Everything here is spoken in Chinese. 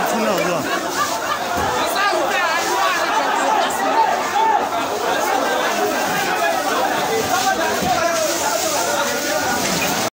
真的。